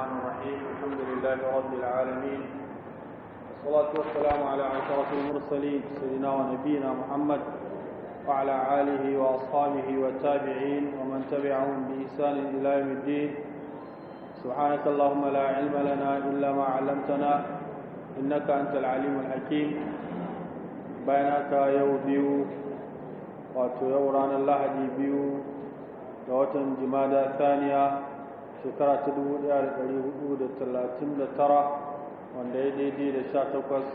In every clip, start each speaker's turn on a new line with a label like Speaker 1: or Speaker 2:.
Speaker 1: الرحمن الرحيم الحمد لله رب العالمين والصلاة والسلام على عشرة المرسلين سيدنا ونبينا محمد وعلى آله وأصحابه والتابعين ومن تبعهم بإحسان إلى يوم الدين سبحانك اللهم لا علم لنا إلا ما علمتنا إنك أنت العليم الحكيم بينك يوبيو wato yau ranar lahadi دوتن ga ثانية jimada shekara ta dubu ɗaya da ɗari hudu da talatin da tara wanda ya daidai da sha takwas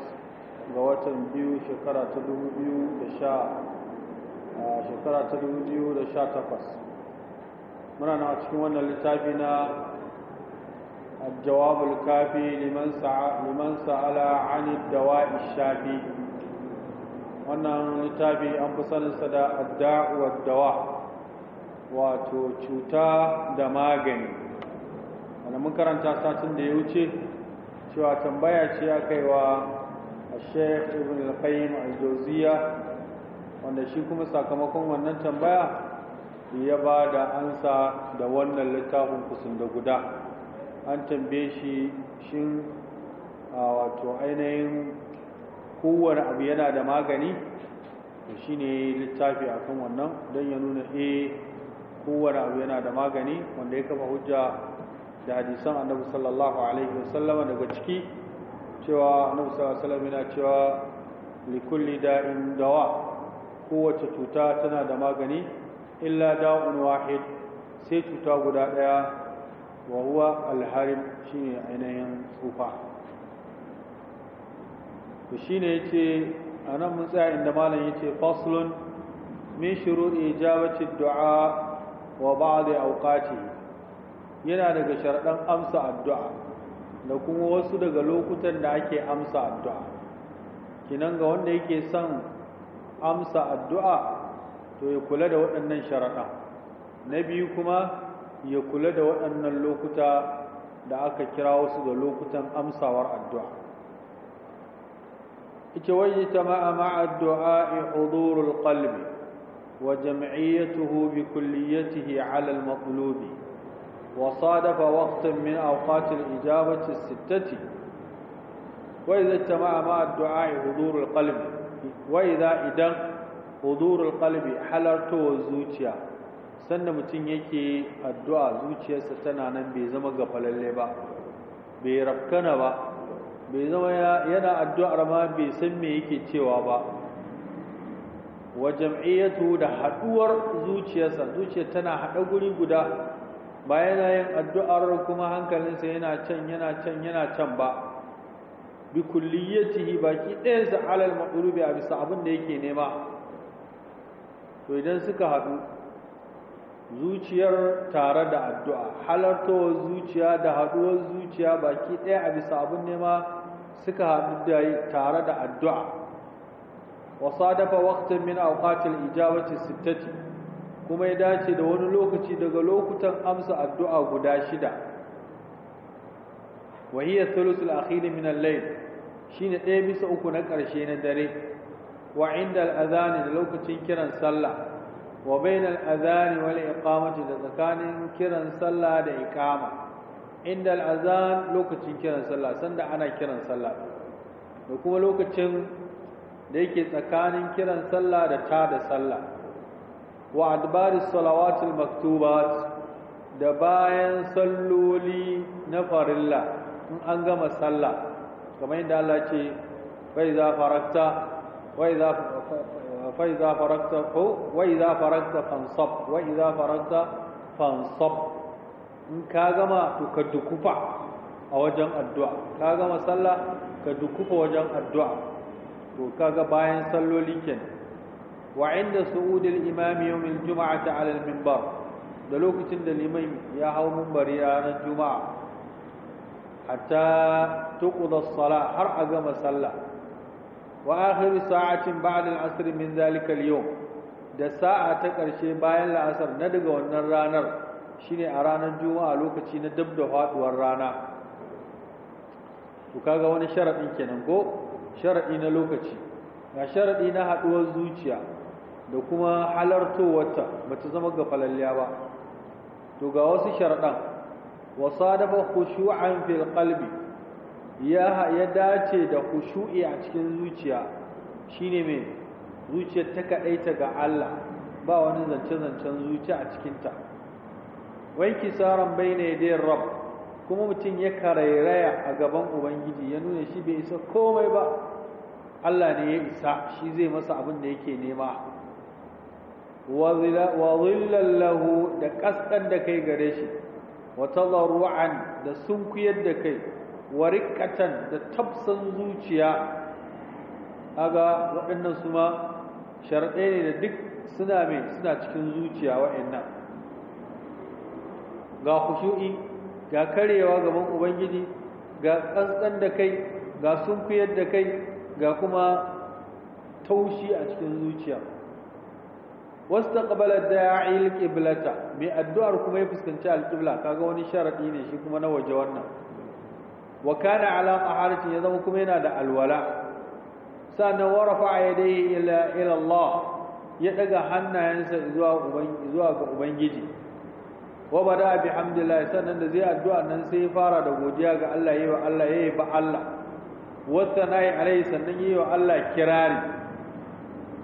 Speaker 1: ga watan biyu shekara ta dubu biyu da sha shekara ta dubu biyu da sha takwas muna na cikin wannan littafi na jawabul kafi, liman sa'ala an dawa الدواء wannan littafi an fi saninsa da adda wa dawa wato cuta da magani da mun karanta satin da ya wuce cewa tambaya ce ya kaiwa a sheikh ibn al-qayyim al-jawziya wanda shi kuma sakamakon wannan tambaya ya ba da ansa da wannan littafin kusan da guda an tambaye shi shin wato ainihin kowane abu yana da magani da shi ne littafi akan wannan don ya nuna eh kowane abu yana da magani wanda ya kafa hujja da hadisan annabi sallallahu alaihi wasallama daga ciki cewa annabi sallallahu alaihi wasallam yana cewa likulli da'in dawa kowace cuta tana da magani illa da'un wahid sai cuta guda daya wa huwa alharim shine ainihin tsufa to shine yace anan mun tsaya inda malam yace faslun min shuru'i ijabati du'a wa ba'd awqatihi yana daga sharɗan amsa addu'a da kuma wasu daga lokutan da ake amsa addu'a kinan ga wanda yake son amsa addu'a to ya kula da waɗannan sharaɗa na biyu kuma ya kula da waɗannan lokuta da aka kira wasu da lokutan amsawar addu'a ita waje ta ma'a addu'a in hudurul ƙalbi, wa jam'iyyatuhu bi kulliyatihi ala al وصادف وقت من أوقات الإجابة الستة وإذا اجتمع مع الدعاء حضور القلب وإذا إذن حضور القلب حلرت وزوتيا sannan mutum yake addu'a zuciyarsa tana nan bai zama gafalalle ba bai rafkana ba bai zama yana addu'ar ma bai san me yake cewa ba wa jam'iyyatu da haɗuwar zuciyarsa zuciyar tana haɗa guri guda ba yana yin addu'ar kuma hankalinsa yana can yana can yana can ba bi kulliyatihi baki ɗayansa alal maɗurubi a bisa abin da yake nema to idan suka haɗu zuciyar tare da addu'a halartowar zuciya da haɗuwar zuciya baki ɗaya a bisa abin nema suka haɗu da tare da addu'a wasa dafa waktin min auƙatil ijabati sittati kuma ya dace da wani lokaci daga lokutan amsa addu'a guda shida wahiyya thuluthul akhir min al-layl shine ɗaya bisa uku na ƙarshe na dare wa inda al da lokacin kiran sallah wa bayna al-adhan wal iqamati da tsakanin kiran sallah da iqama inda al lokacin kiran sallah sanda ana kiran sallah da kuma lokacin da yake tsakanin kiran sallah da ta da sallah wa adbari salawatul maktubat da bayan salloli na farilla
Speaker 2: in an gama sallah kamar yadda Allah ce faiza farakta faiza farakta ko wai farakta
Speaker 1: fansab wai za farakta fansab in ka gama to ka dukufa a wajen addu'a ka gama sallah ka dukufa wajen addu'a to kaga bayan salloli kenan وعند صعود الإمام يوم الجمعة على المنبر da lokacin da liman ya hau mumbari ranar juma'a hatta tuqda as-sala har a gama sallah wa akhir sa'atin ba'da al-asr min zalika al-yawm da sa'a ta karshe bayan la'asar na daga wannan ranar shine a ranar juma'a lokaci na dabda da faduwar rana to kaga wani sharadin kenan ko sharadi na lokaci ga sharadi na haduwar zuciya da kuma halartowarta ba ta zama gafalalliya ba to ga wasu sharaɗan wasadafa khushu'an fil qalbi ya ya dace da khushu'i a cikin zuciya shine me zuciyar ta kadaita ga Allah ba wani zance zancen zuciya a cikin ta wai kisaran baina yadayin rabb kuma mutum ya karairaya a gaban ubangiji ya nuna shi bai isa komai ba Allah ne ya isa shi zai masa abin da yake nema wa zillan lahu da kaskan da kai gare shi wa tadarruan da sunkuyar da kai wa riqqatan da tafsan zuciya aga waɗannan su ma sharɗe ne da duk suna mai suna cikin zuciya waɗannan ga khushu'i ga karewa gaban ubangiji ga tsantsan da kai ga sunkuyar da kai ga kuma taushi a cikin zuciya wastaqbala da'i al-qiblata mai addu'ar kuma ya fuskanci al kaga wani sharadi ne shi kuma na waje wannan wa kana ala ya zama kuma yana da alwala sannan wa rafa'a yadayhi ila ila Allah ya daga hannayensa zuwa uban zuwa ga ubangiji wa bada bihamdillah sannan da zai addu'a nan sai ya fara da godiya ga Allah yayi wa Allah yayi ba Allah wa sanai alai sannan yayi wa Allah kirari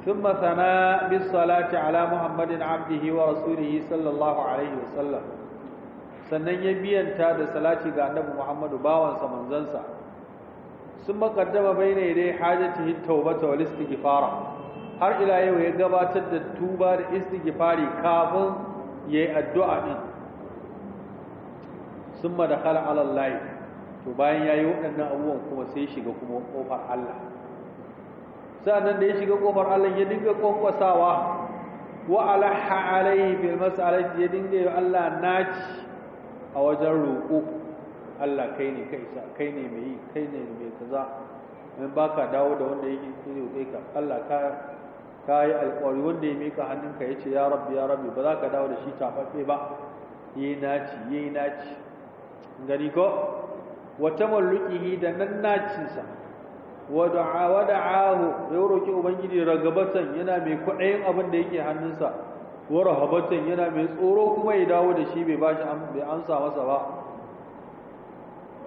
Speaker 1: ثم ثنى بالصلاة على محمد عبده ورسوله صلى الله عليه وسلم sannan ya biyanta da salati ga annabi Muhammadu bawansa manzansa sun makaddama baina dai hajatihi tawbata wal istighfara har ila yau ya gabatar da tuba da istighfari kafin yayi addu'a din summa dakhala ala Allah to bayan yayi waɗannan abubuwan kuma sai shiga kuma kofar Allah sannan da ya shiga kofar Allah ya dinga kwankwasawa wa alaha alaihi bil mas'alati ya dinga yi Allah naci a wajen roƙo Allah kai ne kai sa kai ne mai yi kai ne mai kaza in baka dawo da wanda yake kire kai ka Allah ka ka yi alƙawari wanda ya mika hannunka ya ce ya rabbi ya rabbi ba za ka dawo da shi tafafe ba yi naci yi naci gani ko wata malluƙihi da nan nacinsa wada'a wada'ahu ya roki ubangiji ragabatan yana mai kwaɗayin abin da yake hannunsa wa rahabatan yana mai tsoro kuma ya dawo da shi bai shi bai amsa masa ba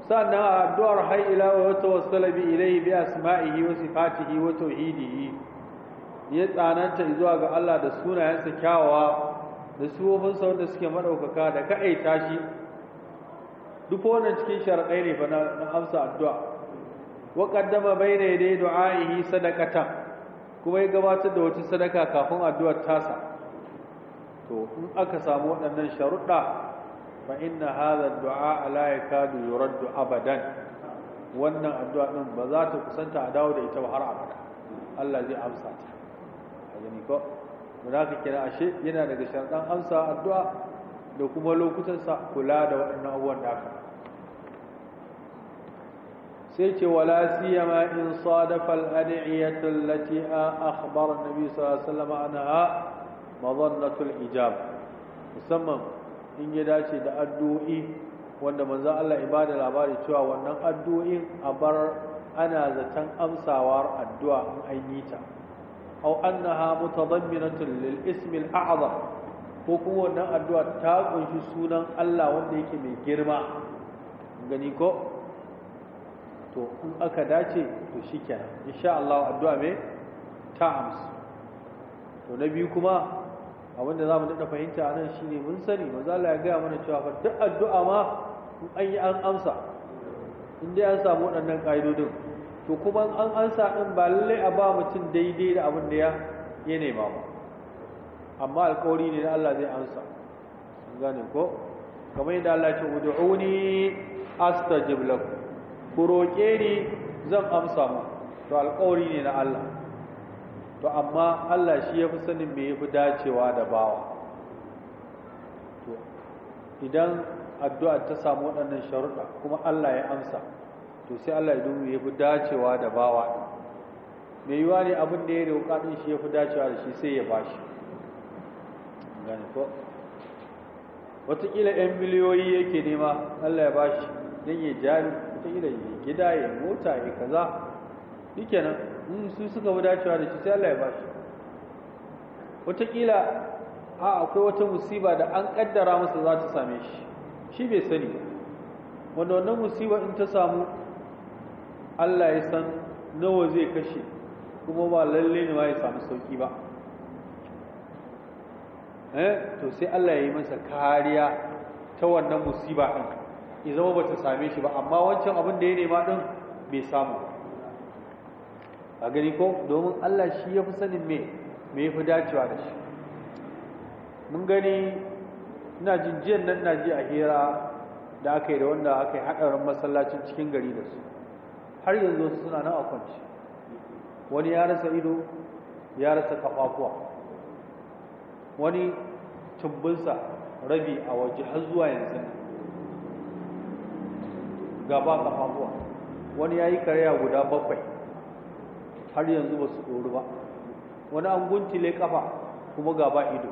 Speaker 1: sannan addu'ar hay ila wa tawassala bi ilayhi bi asma'ihi wa sifatihi wa tauhidihi ya tsananta zuwa ga Allah da sunayensa kyawawa da sa wanda suke madaukaka da ka'aita shi duk wannan cikin sharadai ne fa na amsa addu'a wa qaddama bayna yaday du'aihi sadakata kuma ya gabatar da wata sadaka kafin addu'ar tasa to in aka samu waɗannan sharuɗa fa inna hadha ad-du'a la yakadu yurad abadan wannan addu'a din ba za ta kusanta a dawo da ita ba har abada Allah zai amsa ta a gani ko ka kira ashe yana daga sharɗan amsa addu'a da kuma lokutan sa kula da waɗannan abubuwan da aka sai ce wala siyama in sadafa al-ad'iyatu allati akhbara nabi sallallahu alaihi wasallam anha madhannatul ijab musamman in ya dace da addu'o'i wanda manzo Allah ibada labari cewa wannan addu'o'in a ana zaton amsawar addu'a in an yi ta aw annaha mutadamminatun lil ismil azam ko kuma wannan addu'a ta kunshi sunan Allah wanda yake mai girma gani ko to in aka dace to shi shikenan insha Allah addu'a me ta amsa. to na biyu kuma abinda mu dada fahimta anan ne mun sani manzo za ya gaya mana cewa fa duk addu'a ma in an yi an amsa in dai an samu waɗannan ƙa'idodin to kuma an amsa din ba lallai a ba mutum daidai da abin da ya ya nema ba amma alƙawari ne da Allah zai amsa gane ko kamar yadda Allah ya ce ud'uni astajib lakum ku roƙe ni zan amsa mu to alƙawari ne na Allah to amma Allah shi ya fi sanin me ya fi dacewa da bawa to idan addu'a ta samu waɗannan sharuɗa kuma Allah ya amsa to sai Allah ya dubu ya fi dacewa da bawa ɗin mai yiwa ne abin da ya roƙa ɗin shi ya fi dacewa da shi sai ya bashi gane ko wataƙila 'yan miliyoyi yake nema Allah ya bashi don ya jari wataƙila ya gida ya mota ya kaza shikenan in su suka fi da shi sai Allah ya ba shi wataƙila a akwai wata musiba da an ƙaddara masa za ta same shi shi bai sani ba wanda wannan musiba in ta samu Allah ya san nawa zai kashe kuma ba lalle ne ya samu sauki ba eh to sai Allah ya yi masa kariya ta wannan musiba ɗin ya zama bata same shi ba amma wancan abin da ya nema din bai samu a gani ko domin Allah shi ya fi sanin me ya fi dacewa da shi mun gani ina jin nan na ji a hira da aka yi da wanda aka yi haɗarin masallacin cikin gari da su har yanzu su suna nan a kwanci wani ya rasa ido ya rasa kafafuwa wani cimbinsa rabi a waje har zuwa yanzu gaba kafafuwa wani ya yi karya guda bakwai har yanzu ba su tsoro ba wani an guntile kafa kuma gaba ido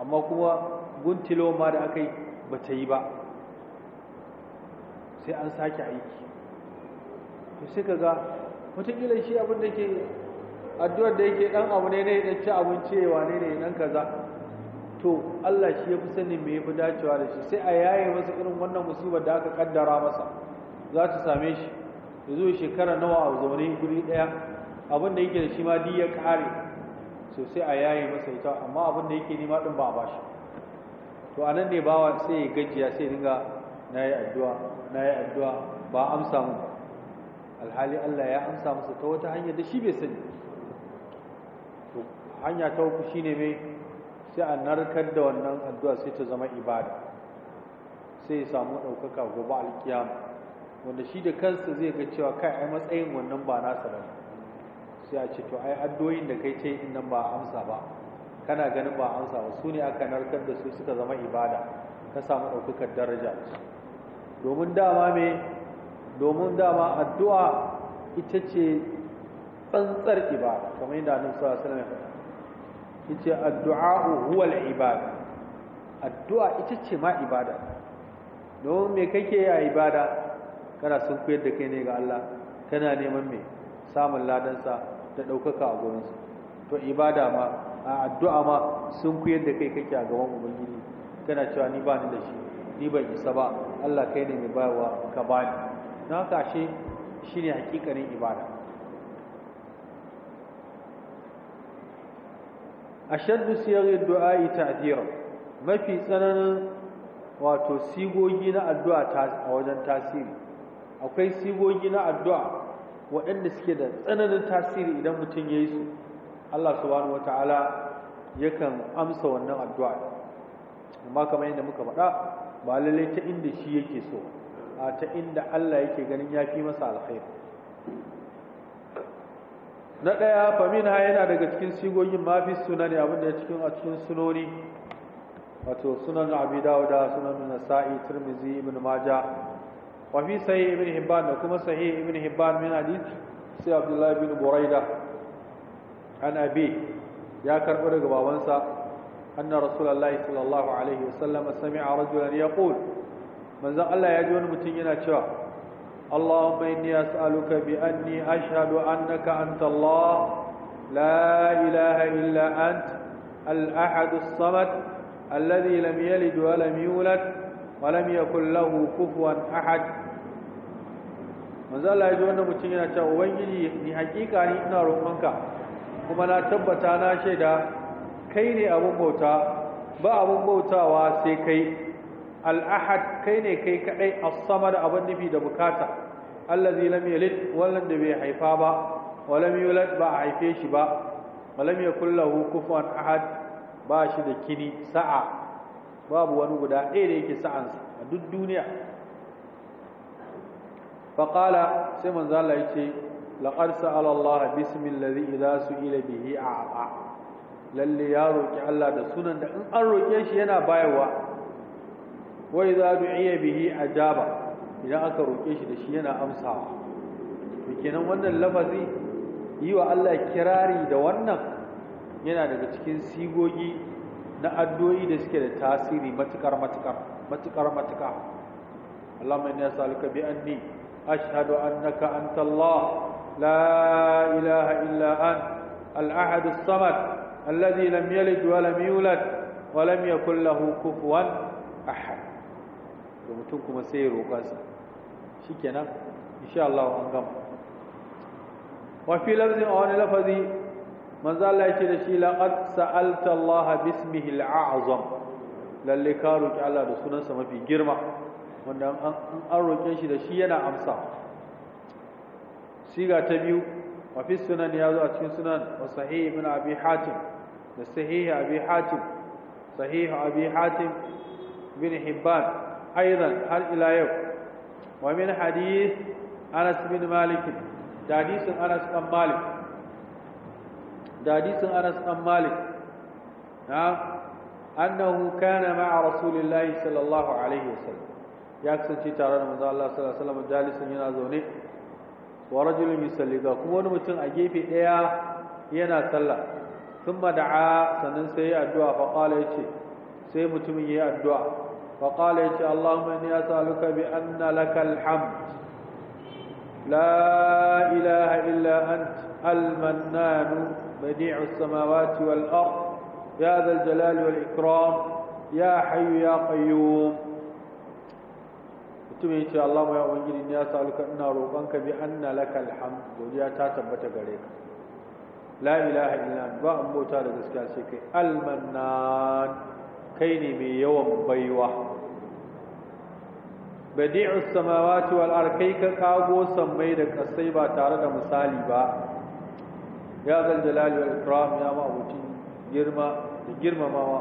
Speaker 1: amma kuma guntile ma da aka yi ba ta yi ba sai an sake aiki Ku sai ka ga wataƙila shi abin da ke addu'ar da yake ɗan abu ne ne ɗan ci abinci ne ne ɗan kaza to Allah shi ya fi sani me ya fi dacewa da shi sai a yaye masa irin wannan musibar da aka kaddara masa za ta same shi ya zo shekara nawa a zaune guri daya abin da yake da shi ma di ya kare so sai a yaye masa ita amma abin da yake nema din ba a bashi to anan ne bawa sai ya gajiya sai dinga yi addu'a na yi addu'a ba amsa mu alhali Allah ya amsa masa ta wata hanya da shi bai sani to hanya ta uku shine mai sai a narkar da wannan addu'a sai ta zama ibada sai ya samu ɗaukaka gobe alkiyama wanda shi da kansa zai ga cewa kai ai matsayin wannan ba nasa ba sai a ce to ai addu'oyin da kai ce nan ba amsa ba kana ganin ba amsa ba su ne aka narkar da su suka zama ibada ka samu ɗaukakar daraja domin dama me domin dama addu'a ita ce tsantsar ibada kamar yadda annabi sallallahu alaihi wasallam yace addu'a huwa al-ibada addu'a ita ce ma ibada don me kake a ibada kana sun koyar da kai ne ga Allah kana neman me samun ladansa da ɗaukaka a gurinsa to ibada ma a addu'a ma sun koyar da kai kake a gaban ubangiji kana cewa ni ba ni da shi ni ban isa ba Allah kai ne mai bayarwa ka bani na haka shi shine hakikanin ibada سيغ الدعاء تأثيرا ما mafi tsananin wato sigogi na addu'a a wajen tasiri akwai sigogi na addu'a waɗanda suke da tsananin tasiri idan mutum ya yi su Allah subhanahu wata'ala yakan amsa wannan addu'a amma kamar yadda muka faɗa ba lallai ta inda shi yake so a ta inda Allah yake ganin ya fi masa alkhairi na ɗaya famina yana daga cikin sigogin mafi suna ne abinda ya cikin a cikin sunoni wato sunan abi dawuda sunan nasa'i tirmizi ibn maja Wafi fi ibn hibban da kuma sahih ibn hibban min hadith sai abdullahi bin buraida an abi ya karɓi daga babansa anna rasulullahi sallallahu alaihi wasallam sami'a rajulan yaqul manzon Allah ya ji wani mutum yana cewa اللهم إني أسألك بأني أشهد أنك أنت الله لا إله إلا أنت الأحد الصمد الذي لم يلد ولم يولد ولم يكن له كفوا أحد manzo Allah ya ji wannan mutum yana cewa ubangiji ni hakika ni ina roƙonka kuma na tabbata na shaida kai ne abun bauta ba abun bautawa sai kai Al'ahad kai ne kai kadai as-samad abin nufi da bukata allazi lam yalid wannan da bai haifa ba wa lam yulad ba a haife shi ba wa lam yakul lahu kufuwan ahad ba shi da kini sa'a babu wani guda ɗaya da yake sa a duk duniya qala sai manzo Allah yace laqad sa'ala Allah bismi allazi idza su'ila bihi a'a lalle ya roki Allah da sunan da in an roke shi yana bayarwa wai idza du'iya bihi ajaba idan aka roke shi da shi yana amsawa to kenan wannan lafazi yi wa Allah kirari da wannan yana daga cikin sigogi na addu'o'i da suke da tasiri matukar matukar matukar matukar Allahumma inni as'aluka bi anni ashhadu annaka anta Allah la ilaha illa ant al-ahad as-samad alladhi lam yalid wa lam yulad wa lam yakul lahu kufuwan ahad mutum kuma sai ya roƙa sa shikenan insha Allah an gama wa fi lafzin a wani lafazi manzo Allah ya ce da shi laqad sa'alta Allah bismihi al-a'zam lalle ka roki Allah da sunansa mafi girma wanda an an roke shi da shi yana amsa siga ta biyu wa sunan ya zo a cikin sunan wa sahih ibn abi hatim da sahih abi hatim sahih abi hatim bin hibban aidan har ila yau wa min hadith Anas bin Malik da hadisin Anas bin Malik da hadisin Anas bin Malik na annahu kana sallallahu alaihi wasallam ya kasance tare da manzo Allah sallallahu alaihi wasallam yana zaune wa rajulun ga kuma wani mutum a gefe ɗaya yana sallah
Speaker 2: thumma da'a sannan sai ya addu'a fa qala yace sai mutumin ya yi addu'a وقال إن شاء اللهم
Speaker 1: إني أسألك بأن لك الحمد لا إله إلا أنت المنان بديع السماوات والأرض يا ذا الجلال والإكرام يا حي يا قيوم mutum ya ce Allah ya ubangiji ya saluka ina roƙonka bi anna lakal ta tabbata gare ka la ilaha illa ba an da gaskiya sai ne mai yawan baiwa badi'us samawati wal arkai ka kago sammai da kasai ba tare da misali ba ya zal jalali wal ikram ya ma abutin girma da girmamawa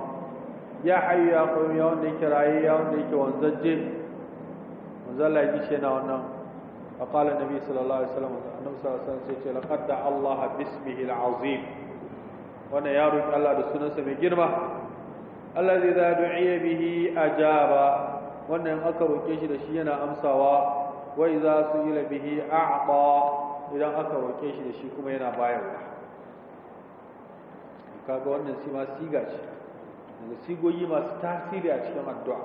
Speaker 1: ya hayyu ya qayyum ya wanda yake raye ya wanda yake wanzaje manzo Allah ya na wannan فقال النبي صلى الله عليه وسلم النبي صلى الله عليه وسلم لقد دعا الله باسمه العظيم وانا يا رب الله بسنه سمي جرمه الذي اذا دعي به ajaba. wannan aka roƙe shi da shi yana amsawa wa idza su'ila bihi a'ta idan aka roƙe shi da shi kuma yana bayarwa kaga wannan shi ma siga ce daga sigoyi masu tasiri a cikin addu'a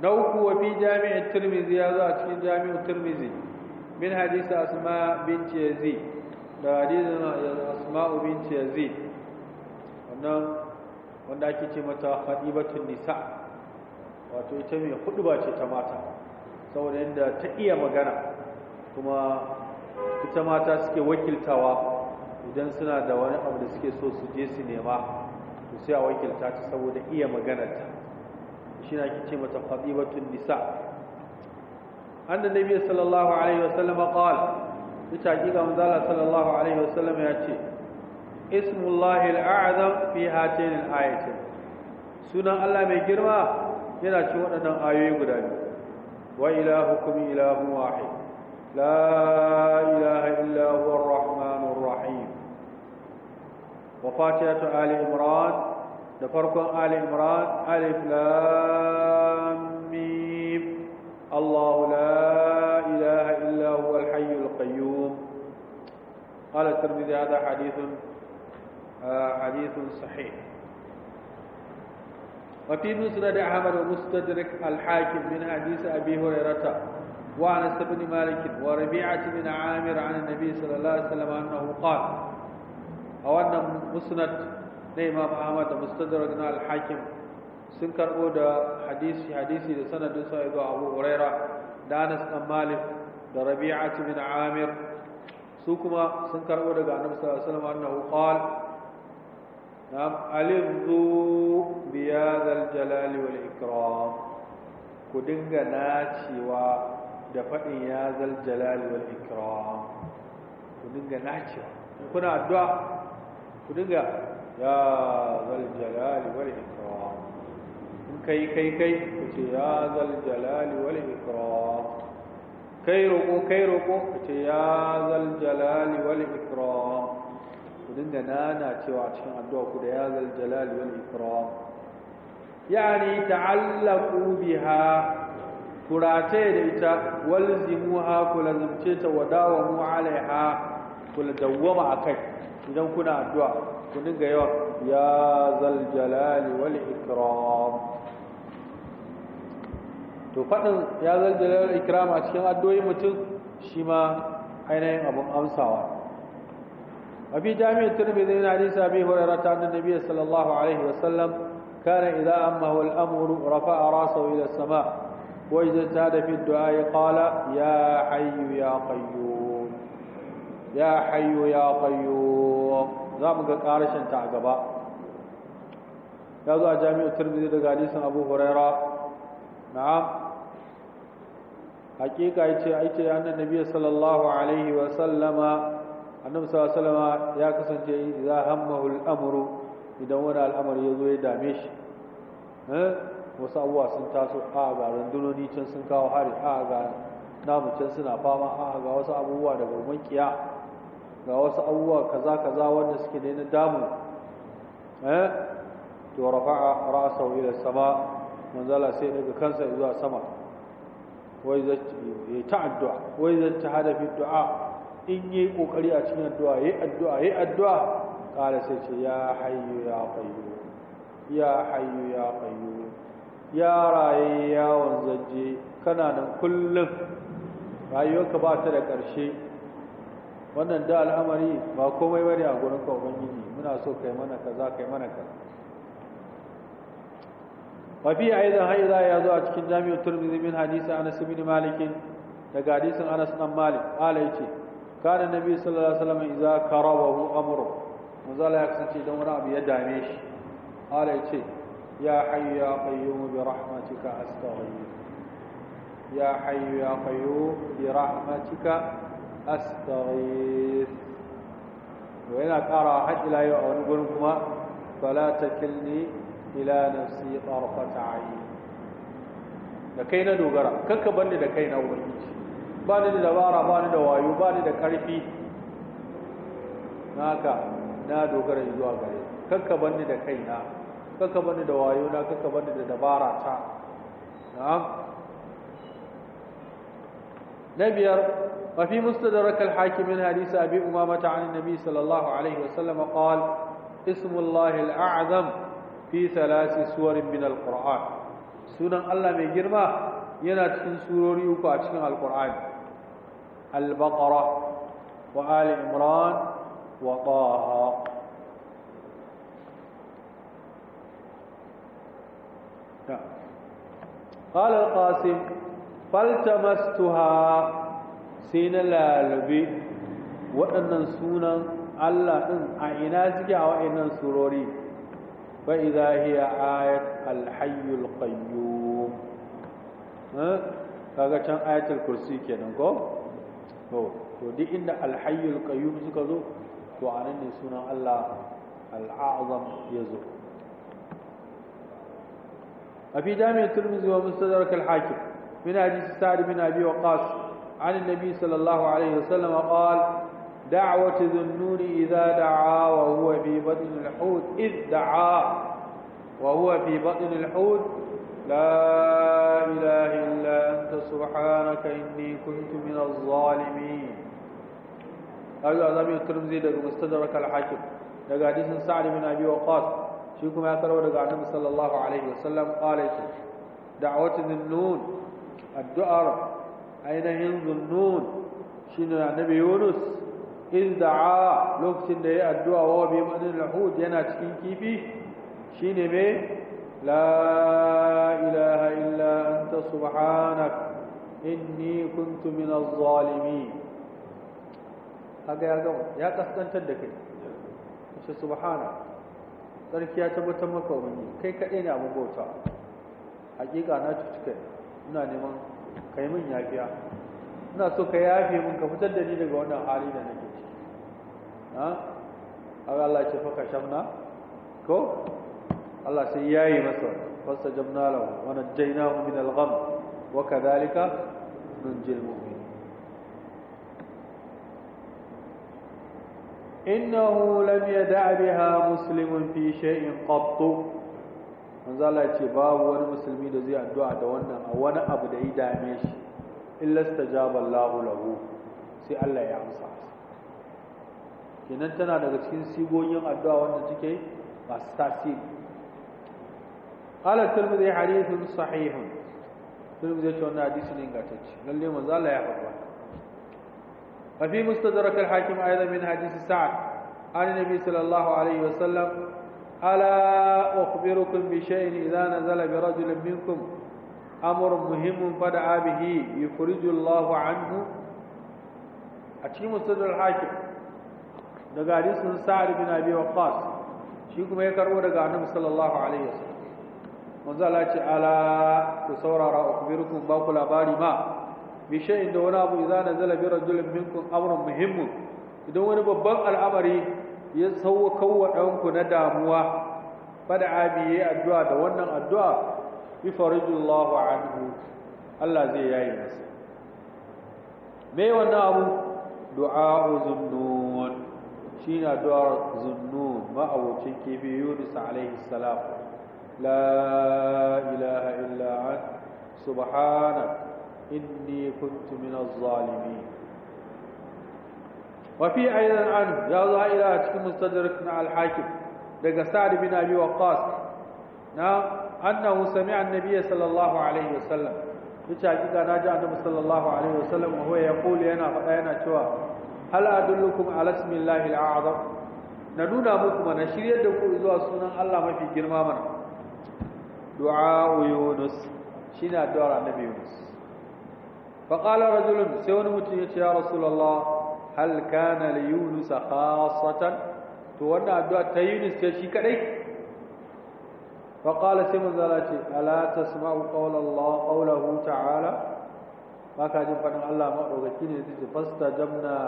Speaker 1: na uku wa fi jami'in tirmizi ya zo a cikin jami'in tirmizi min hadisi asma bin yazid da hadisin asma bin yazid wannan wanda ake ce mata hadibatun nisa' wato ita mai hudu ba ce ta mata saboda yadda ta iya magana kuma ita mata suke wakiltawa idan suna da wani abu da suke so su je su nema to sai a wakilta ta saboda iya maganarta shi na ke ce mata batun nisa an da nabi sallallahu alaihi wasallam kawal ita hakika manzo Allah sallallahu alaihi wasallam ya ce ismullahi al'adam azam fi hatin al sunan Allah mai girma yana ci waɗannan ayoyi guda ne wa ilahu ilahukum ilahu wahid la ilaha illa huwa ar rahim wa fatihatu ali imran da farkon ali imran alif lam mim allah la ilaha illa huwa al-hayyul qayyum qala at-tirmidhi hadha hadithun حديث صحيح وفي مسند أحمد ومستدرك الحاكم من حديث أبي هريرة وأنس بن مالك وربيعة بن عامر عن النبي صلى الله عليه وسلم أنه قال أو أن مسند الإمام أحمد ومستدرك الحاكم sun karbo da hadisi hadisi da sanadin sa Abu Huraira da Anas bin da Rabi'ah bin Amir su kuma sun karbo daga Annabi نعم الغضو بهذا الجلال والاكرام kudinga na cewa da fadin ya zal jalal wal ikram kudinga na cewa kuna addu'a ya zal jalal wal ikram in kai kai kai ku ce ya zal jalal wal ikram kai roko kai roko ya zal jalal wal ikram ku dinga nana cewa cikin addu'a ku da ya zal jalali wal ikram yani ta'allaqu biha kurate da ita ha ku lazumce ta wadawa mu alaiha ku dawwama akai idan kuna addu'a ku dinga yawa ya zal jalali wal ikram to fadin ya zal wani wal ikram a cikin addu'o'i mutum shi ma ainihin abin amsawa وفي جامع الترمذي من حديث أبي هريرة أن النبي صلى الله عليه وسلم كان إذا أمه الأمر رفع راسه إلى السماء وإذا اجتهد في الدعاء قال يا حي يا قيوم يا حي يا قيوم زامك قارشا تعقبا هذا جامع الترمذي لحديث أبو هريرة نعم حقيقة أيتي أن النبي صلى الله عليه وسلم annabi sallallahu alaihi wasallam ya kasance idza hammahu al-amru idan wani al'amari ya zo ya dame shi eh, wasu abubuwa sun taso a ga rundunoni can sun kawo hari a ga namu can suna fama a ga wasu abubuwa daga makiya ga wasu abubuwa kaza kaza wanda suke da damu eh to rafa'a ra'sahu ila sama manzala sai daga kansa zuwa sama wai zai ta'addu wai zai tahada fi du'a in yi kokari a cikin addu'a yi addu'a yi addu'a kala sai ce ya hayyu ya qayyu ya hayyu ya qayyu ya raye ya wanzaje kana nan kullum rayuwarka ba ta da ƙarshe wannan da al'amari ba komai bane a gurin ka ubangiji muna so kai mana kaza kai mana kaza وفي ya zo a cikin jami'ul turmizi min hadisi anas bin malik daga hadisin Anas bin Malik alayhi kada nabi sallallahu alaihi wasallam idza karabahu amru manzala ya kasance don wani abu ya dame shi ala ya ce ya hayyu ya qayyum bi rahmatika astaghfir ya hayyu ya qayyum bi rahmatika astaghfir wa yana kara ila yau a wani gurin kuma fala takilni ila nafsi tarfata ayi da kai na dogara kanka banda da kai na ubangiji ba ni da dabara ba ni da wayo ba ni da karfi naka na dogara zuwa gare kakka bani da kaina kakka bani da wayo na kakka bani da dabara ta na'am nabiyar wa fi mustadrak al-hakim min hadith abi umama ta'ala an-nabi sallallahu alaihi wa wasallam qala al a'zam fi thalath suwar min al qur'an Sunan Allah mai girma yana cikin surori uku a cikin alqur'ani البقرة وآل عمران وطه قال القاسم فالتمستها سين لالبي وأن سونا الله إن أعناسك أو إن سروري فإذا هي آية الحي القيوم ها كان آية الكرسي كده to duk inda alhayyul qayyum suka zo to anan ne sunan Allah al-azam ya zo a fi jami'ar turmizi wa mustadrak al-hakim min hadisi sa'd bin abi waqas عن النبي صلى الله عليه وسلم قال دعوة ذو النور إذا دعا وهو في بطن الحوت إذ دعا وهو في بطن الحوت لا إله إلا أنت سبحانك إني كنت من الظالمين أبي أعظم الترمذي لك مستدرك الحاكم لك حديث سعد من أبي وقاص شيكم يا ترى لك عنه صلى الله عليه وسلم قال دعوة النون الدعاء أين ينظر النون شنو نبي يونس إذ دعا لك سنة الدعوة وهو بمعنى الحوت ينا تكين كيفي شنو بيه لا إله إلا أنت سبحانك إني كنت من الظالمين هذا يا قوم يا قصدان تدك سبحانك sarki ya tabbatar maka wani kai kaɗai ne abin bauta hakika na cutuka ina neman ka yi min yafiya ina so ka yafe min ka fitar da ni daga wannan hali da nake ciki ha Allah ya ce fa ka shamna ko Allah sai yayi masa fastajabna lahu wa najaynahu min al-gham wa kadhalika nunjil mu'min innahu lam yad'a biha muslimun fi shay'in qatt manzo Allah ce babu wani musulmi da zai addu'a da wannan a wani abu da ya dame shi illasta jaban Allahu lahu sai Allah ya amsa kenan tana daga cikin sigogin addu'a wanda take masu tasiri قال الترمذي حديث صحيح الترمذي يقول أن حديث لنغتج للي مزال لا يحبه وفي مستدرك الحاكم أيضا من حديث سعد عن النبي صلى الله عليه وسلم ألا أخبركم بشيء إذا نزل برجل منكم أمر مهم فدعا به يخرج الله عنه أتي مستدرك الحاكم daga hadisin sa'ad bin abi waqqas shi kuma ya karbo daga annabi sallallahu alaihi wasallam manzo Allah ce ala ku saurara ukbirukum ba ku labari ma bi shay da wani abu ya nazala bi rajulin minkum amrun muhimmi idan wani babban al'amari ya kawwa dan ku na damuwa Fad'a abi yayi addu'a da wannan addu'a yufarijullahu anhu Allah zai yayi masa me wannan abu du'a zunnun shine addu'ar uzunnun ma abokin kibi Yunus alaihi salam لا إله إلا أنت سبحانك إني كنت من الظالمين وفي أيضا عنه جاء إلى أتكم مستدركنا الحاكم لقى سعد بن أبي وقاص نعم أنه سمع النبي صلى الله عليه وسلم يتعجد أن أجاء النبي صلى الله عليه وسلم وهو يقول أنا فأنا شوى هل أدلكم على اسم الله الأعظم na nuna muku mana shiryar da ku zuwa sunan Allah mafi girma mana دعاء يونس شنا دعاء النبي يونس فقال رجل سيون متيت يا رسول الله هل كان ليونس خاصة تونا دعاء يونس تشي كدي فقال سيمون ذلك ألا تسمع قول الله قوله تعالى ما كان فان الله مأرغتين فاستجبنا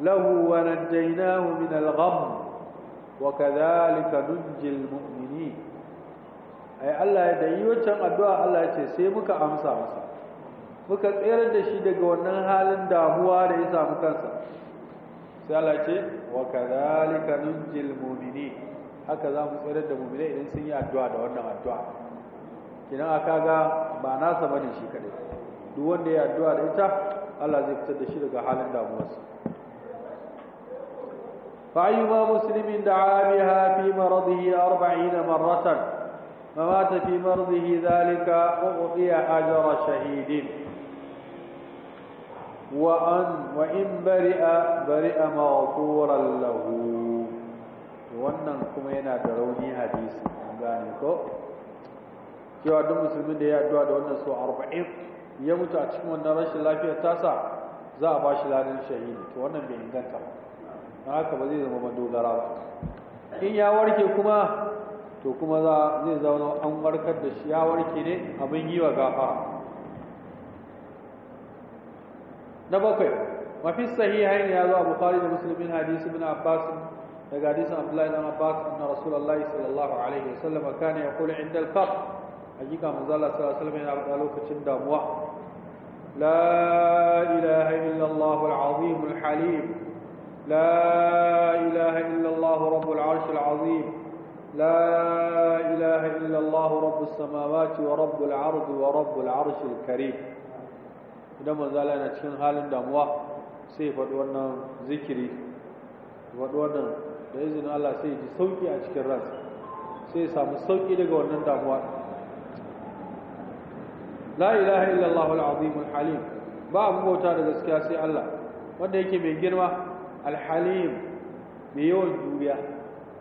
Speaker 1: له ونجيناه من الغم وكذلك ننجي المؤمنين ai Allah da yi wancan addu'a Allah ya ce sai muka amsa masa muka tsere da shi daga wannan halin damuwa da ya samu kansa sai Allah ce wa kadhalika nunjil mu'minin haka za mu tsere da mu'minai idan sun yi addu'a da wannan addu'a kidan aka ga ba nasa bane shi kadai duk wanda ya addu'a da ita Allah zai fitar da shi daga halin damuwarsa ayyuma muslimin da'a biha fi مرضه 40 maratan فمات في مرضه ذلك أعطي أجر شهيد وأن وإن برئ برئ مغفورا له wannan kuma yana da rauni hadisi an gane ko cewa duk musulmin da ya addu'a da wannan so
Speaker 2: 40 ya mutu a cikin wannan rashin lafiyar tasa za a bashi ladan shahidi to wannan bai inganta ba haka ba zai zama madogara ba in ya warke kuma
Speaker 1: to kuma za zai zauna an warkar da shi ya warke ne abin yi wa gafa? na bakwai mafi sahihain ya zo a bukari da musulmin hadisi bin abbas daga hadisin abdullahi na abbas anna rasulullahi sallallahu alaihi wasallam kana yaqulu inda al-faq hakika manzo Allah sallallahu alaihi wasallam yana lokacin damuwa la ilaha illa Allah al-azim al-halim la ilaha illa Allah rabbul arsh azim لا إله إلا الله رب السماوات ورب العرض ورب العرش الكريم idan manzala yana cikin halin damuwa sai faɗi wannan zikiri faɗi wannan Allah sai ji sauƙi a cikin ransa sai sauƙi daga wannan damuwa la ilaha illallah al-azim al-halim ba abu bauta da gaskiya sai Allah wanda yake mai girma al-halim mai yawan juriya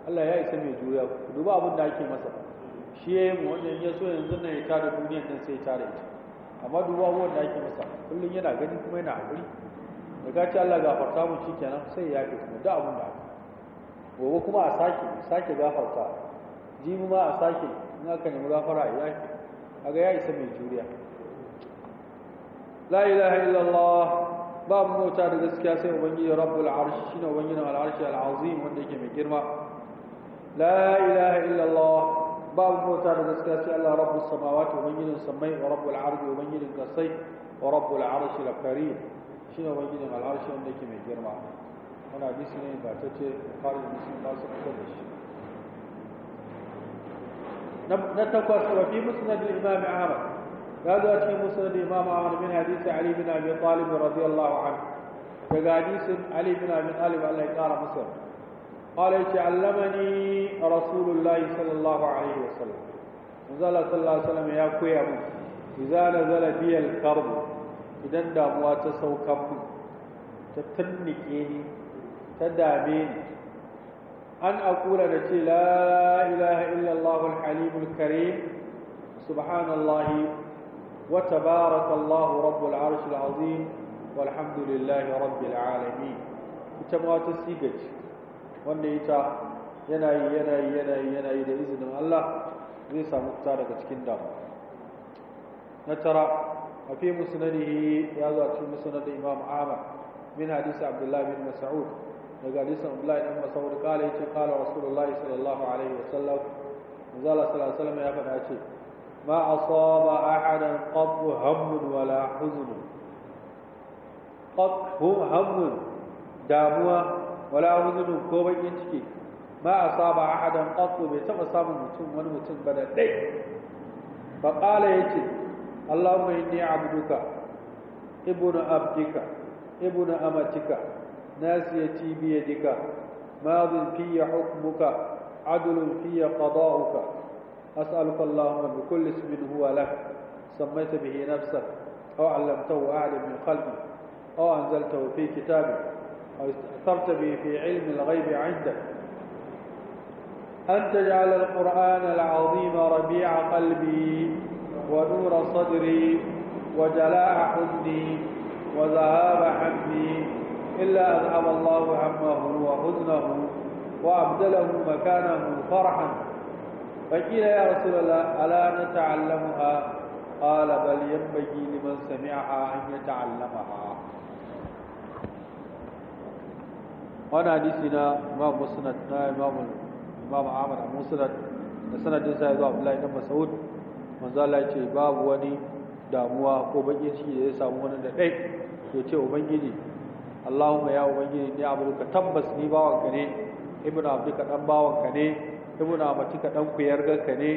Speaker 1: Allah ya isa mai juriya ku duba abin da ake masa shi ya yi mu ya so yanzu nan ya tare duniyar nan sai ya tare ita amma duba abubuwan da ake masa kullum yana gani kuma yana haƙuri da ka ci Allah gafarta mu shi kenan sai ya fi kuma da abin da ake gobe kuma a sake sake gafarta mu ma a sake in aka nemi gafara ya fi ga ya isa mai juriya la ilaha illallah babu mota da gaskiya sai ubangiji rabbul arshi shine ubangijin al'arshi al'azim wanda yake mai girma لا إله إلا الله باب موتان الاسكاسي ألا رب السماوات ومنين السمين ورب العرض ومنين القصي ورب العرش الكريم شنو ومنين العرش عندك من جرمع هنا بيسنين باتت وقال المسلم الله سبحانه نتقى سوى في مسند الإمام عامر هذا في مسند الإمام عامر من حديث علي بن أبي طالب رضي الله عنه فقال حديث علي بن أبي طالب عليه قال مسلم قال تعلمني رسول الله صلى الله عليه وسلم نزل صلى الله عليه وسلم يا كويا إذا نزل بي الكرب إذا دموا تسوكم تتنكيني تداميني أن أقول نتي لا إله إلا الله الحليم الكريم سبحان الله وتبارك الله رب العرش العظيم والحمد لله رب العالمين تموات السيجج wanda ya ta yana yi yana yi yana yi yana yi da izinin Allah zai samu fita daga cikin damu na tara a fi musulani ya zuwa cikin musulani Imam Ahmad min hadisi Abdullahi bin Mas'ud daga hadisin Abdullahi bin Mas'ud kala yace kala Rasulullah sallallahu alaihi wasallam zalla sallallahu a wasallam ya faɗa ce ma asaba ahadan qad hammun wala huzn qad hamun damuwa wala wuzunu ko bakin ciki ma asaba ahadan qattu bi taba samu mutum wani mutum Ba dai
Speaker 2: fa qala yace
Speaker 1: allahumma inni abduka ibnu abdika ibnu amatika nasiyati bi yadika madhin fi hukmuka adlun fi qada'uka as'aluka allahumma bi kulli ismin huwa lak sammaita bihi nafsak aw 'allamtahu a'lam min qalbi aw anzaltahu fi kitabika أو استأثرت به في علم الغيب عندك أن تجعل القرآن العظيم ربيع قلبي ونور صدري وجلاء حزني وذهاب حمي إلا أذهب الله همه وحزنه وأبدله مكانه فرحا فقيل يا رسول الله ألا نتعلمها قال بل ينبغي لمن سمعها أن يتعلمها wani hadisi na babu musulat na imam babu ahmad a musulat da sanadin sa zuwa abdullahi na mas'ud manzo Allah ce babu wani damuwa ko bakin ciki da ya samu wani da ɗai ya ce ubangiji Allahumma ya ubangiji ni ka tabbas ni bawanka ne ibnu abdika dan bawanka ne ibnu ka dan ka ne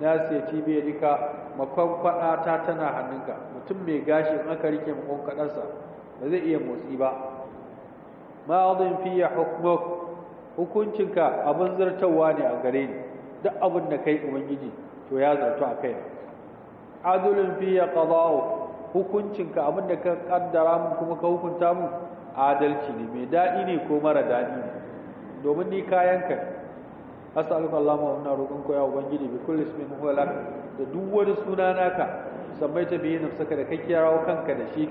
Speaker 1: nasiyati bi yadika makon fada ta tana hannunka mutum mai gashi in aka rike makon kaɗansa
Speaker 2: ba zai iya motsi ba
Speaker 1: Ma'adin fiye hukumar hukuncinka abin zartarwa ne a gare ni duk abin da kai ubangiji to ya zartu a kai adulun fiye kazawo hukuncinka abin da ka kaddara mu kuma ka hukunta mu. adalci ne mai daɗi ne ko mara daɗi ne domin ni kayan kayanka alifar lamar wani roƙonka koya ubangiji bi kulli ismin huwa da duk wani suna naka biyu na saka da ka kanka da shi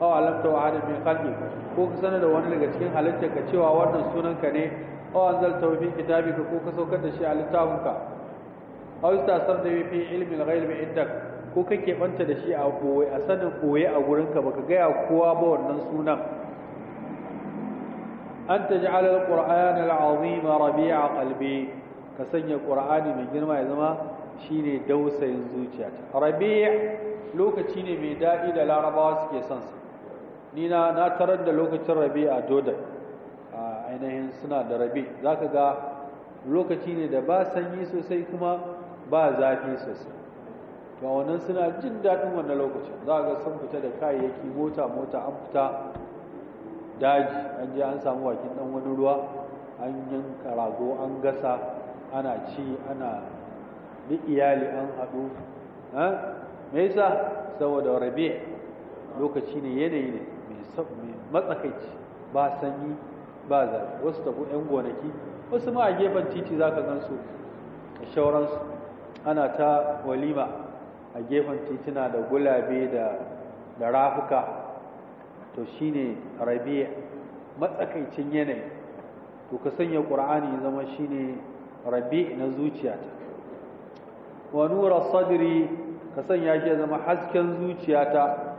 Speaker 1: aw alamta wa adam min khalqi ko ka sanar da wani daga cikin halitta ka cewa wannan sunanka ne aw anzalta fi kitabika ko ka saukar da shi a littafinka aw da fi ilmi al-ghaib indak ko kake banta da shi a boye a sanin boye a ka baka gaya kowa ba wannan sunan an taj'ala al-qur'ana al-azima rabi'a qalbi ka sanya qur'ani mai girma ya zama shine dausayin zuciyata rabi' lokaci ne mai daɗi da larabawa suke son sa Nina na tarar da lokacin rabi a dodan a ainihin suna da rabi Za ka ga lokaci ne da ba sanyi sosai kuma ba zafi sosai to wannan suna jin daɗin wannan lokacin za ga sun fita da kayayyaki mota mota an fita daji an je an samu wakin ɗan wani ruwa an yi rago an gasa ana ci ana duk iyali an haɗu eh? me yasa saboda rabi lokaci ne yanayi ne mai matsakaici ba sanyi ba zafi wasu tafi 'yan gonaki wasu ma a gefen titi za ka gansu su shauransu ana ta walima a gefen titina da gulabe da rafuka to shine rabi'a matsakaicin yanayi to ka sanya ƙur'ani zama shine rabi na zuciyata wa nura sadri ka sanya shi zama hasken zuciyata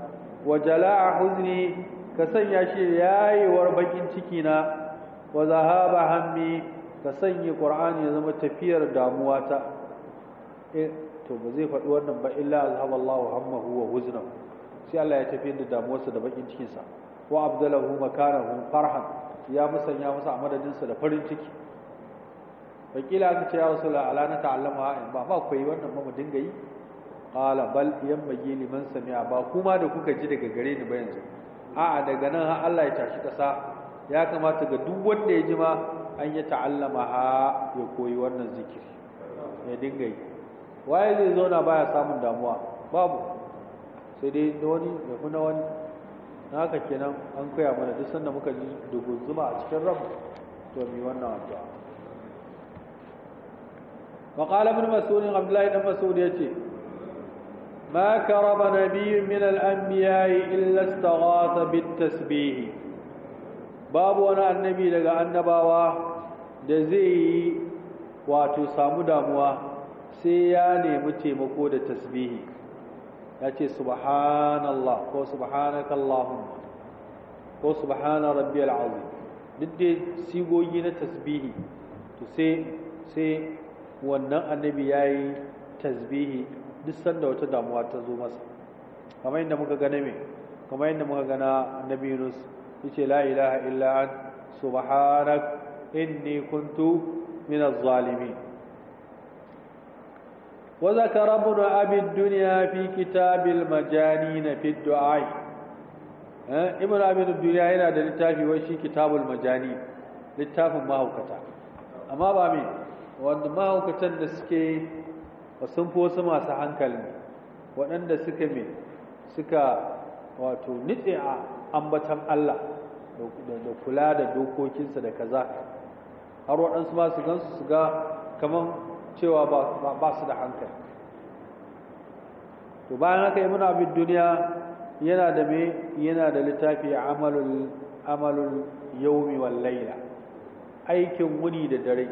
Speaker 1: wa jala'a huzni ka sanya shi yayewar bakin ciki na wa zahaba hammi ka sanya qur'ani ya zama tafiyar damuwa ta eh to ba zai faɗi wannan ba illa azhaballahu hammahu wa huznahu sai Allah ya tafi da damuwarsa da bakin cikin sa wa abdalahu makanahu farhan ya musanya masa a madadin sa da farin ciki wakila ka ce ya rasulullah ala na ta'allama in ba ba koyi wannan ba mu dinga yi qala bal yammagi liman sami'a ba kuma da kuka ji daga gare ni ba yanzu a'a daga nan har Allah ya tashi kasa ya kamata ga duk wanda ya ji ma an ya ta'allama ha ya koyi wannan zikiri ya dinga yi waye zai zauna baya samun damuwa babu sai dai da wani da kuna wani na haka kenan an koya mana duk sanda muka ji zuma a cikin rabu to mi wannan addu'a وقال ابن مسعود عبد الله بن مسعود يجي ما كرب نبي من الأنبياء إلا استغاث بالتسبيح باب وانا النبي لغا النباوة دزي واتو سامو داموا سياني متي مقود التسبيح يأتي سبحان الله كو سبحانك اللهم كو سبحان ربي العظيم duk sigogi na tasbihi to sai sai wannan annabi yayi tasbihi duk sanda wata damuwa ta zo masa kamar yadda muka gane me kamar yadda muka gana annabi Yunus yace la ilaha illa an subhanak inni kuntu min az-zalimin wa zakara ibn abi dunya fi kitab al-majanin fi dua eh ibn abi dunya yana da littafi wai shi kitabul majani littafin mahaukata amma ba me wanda mahaukatan da suke sun fi wasu masu hankali waɗanda suka mai suka wato nitse a ambatan Allah da kula da dokokinsa da kaza har waɗansu masu gansu su ga kamar cewa ba su da hankali to bayan haka muna abin duniya yana da me yana da littafi a amalin yawmi layla aikin wuni da dare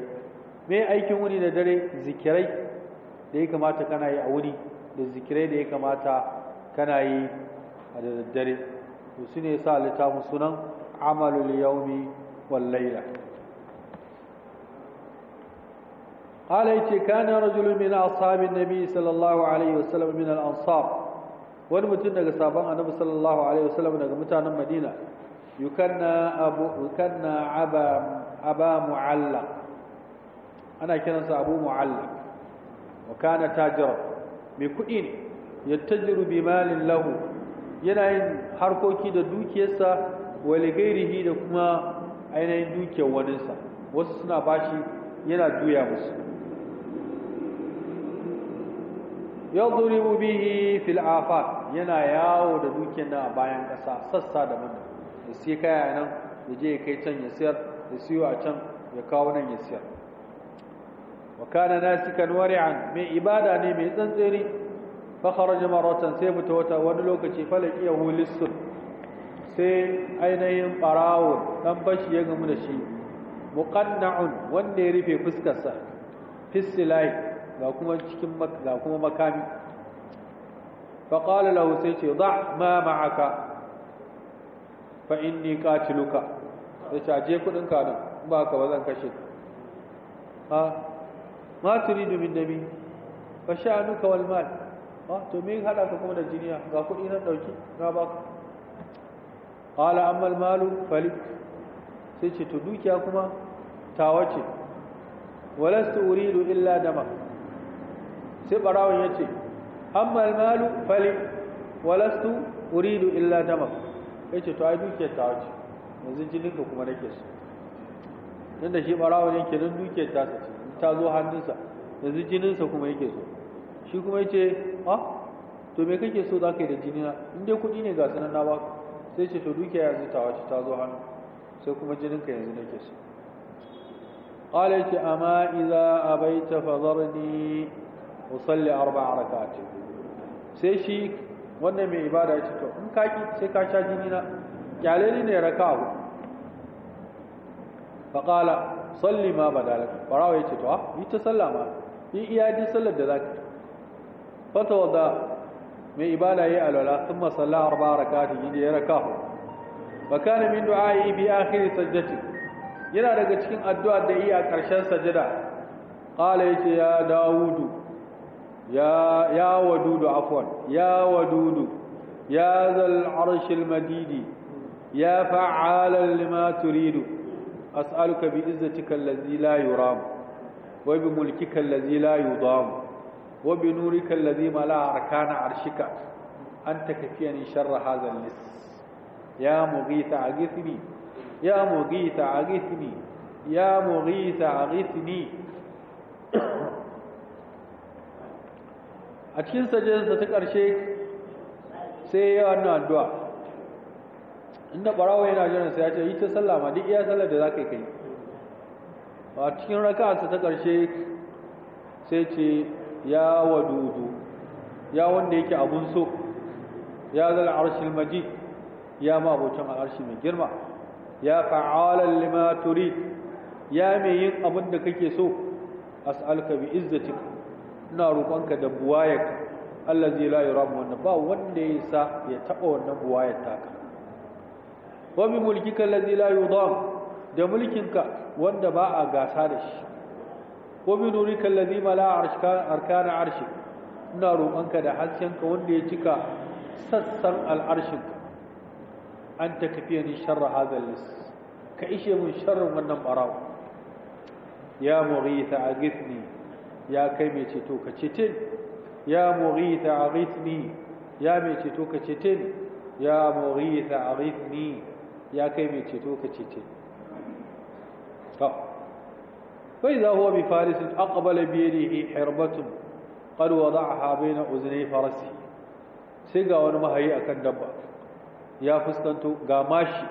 Speaker 1: mai aikin wuni da dare zikirai da ya kamata kana yi a wuri da zikirai da ya kamata kana yi a daddare to su ne sa littafin sunan amalul yaumi wal laila qala yace kana rajul min ashabin nabi sallallahu alaihi wasallam min al ansar wani mutum daga sabon annabi sallallahu alaihi wasallam daga mutanen madina yukanna abu yukanna aba ana kiransa abu wa kana tajira mai kuɗi ne tajiru bi malin lahu yana yin harkoki da dukiyarsa wa gairihi da kuma ainihin dukiyar waninsa wasu suna bashi yana juya musu yadribu bihi fil yana yawo da dukiyar nan a bayan ƙasa sassa da manna da sai kaya nan ya je ya kai can ya siyar ya siyo a can ya kawo nan ya siyar wa kana nasikan wari'an mai ibada ne mai tsantsiri fa kharaja maratan sai fita wata wani lokaci falaki yahu lissu sai ainihin barawo dan bashi ya gamu da shi muqanna'un wanda ya rufe fuskarsa fisilai ga kuma cikin ga kuma makami fa qala lahu sai ce da ma ma'aka fa inni qatiluka sai ce je kudin ka nan ba ka ba zan kashe ha ma turidu min nabi fa sha'anuka wal mal ah to me hada ka kuma da jiniya ga kuɗi nan dauki na ku qala amma al malu falik sai ce to dukiya kuma ta wace walastu uridu illa dama sai barawon yace amma al malu falik walastu uridu illa dama yace to ai dukiya ta wace yanzu ka kuma nake so da shi barawon yake nan dukiya ta ce ta zo hannunsa yanzu jininsa kuma yake so shi kuma ya ce ah, to me kake so za ka yi da jinina in dai kuɗi ne ga sanan na baka sai ce to dukiya yanzu ta wace ta zo hannu sai kuma jininka yanzu nake so qala ce amma idza abaita fadharni usalli arba'a rak'at sai shi wannan mai ibada ya to in ka sai ka sha jinina kyaleni ne raka'a فقال salli ma ba laka barawa yace to ah, yi ta sallah ma yi iya yi sallar da zaka fata wada mai ibada yayi alwala a salla raka ta yi ya raka ka na min yi bi akhir sajjati yana daga cikin addu'a da iya karshen ƙarshen sajada qala yace ya Dawudu ya ya wadudu afwan ya wadudu ya zal arshil madidi ya fa'alan lima turidu as'aluka bi izzatika allazi la yuram wa bi mulkika allazi la yudam wa bi nurika allazi mala arkana arshika anta kafiyani sharra hadha al-lis ya mughita aghithni ya mughita aghithni ya mughita aghithni a cikin ta ƙarshe sai ya inda barawa yana jiran sai ya ce yi ta sallah ma duk iya sallar da za ka yi kai a cikin raka ta ƙarshe sai ce ya wadudu ya wanda yake abun so ya zal arshil maji ya ma abocin arshi mai girma ya fa'alar lima ya mai yin abin da kake so as'alka bi izzatik ina roƙonka da buwayarka allazi la yuramu wannan ba wanda ya sa ya taɓa wannan buwayar taka wa bi mulkika allazi la yudam da mulkinka wanda ba a gasa da shi wa bi nurika allazi mala arshka arkana arshi ina roƙonka da haskenka wanda ya cika sassan al'arshin an ta kafiya ni sharra hadal lis ka ishe mun sharrin wannan barawo ya mughitha aghithni ya kai mai ceto ka cece ya mughitha aghithni ya mai ceto ka cece ya mughitha aghithni ya kai mai ceto ka cece kai za huwa bi farisin aqbala bi yadihi hirbatun qad wada'aha baina uzni farasi sai ga wani mahayi akan dabba ya fuskanto ga mashi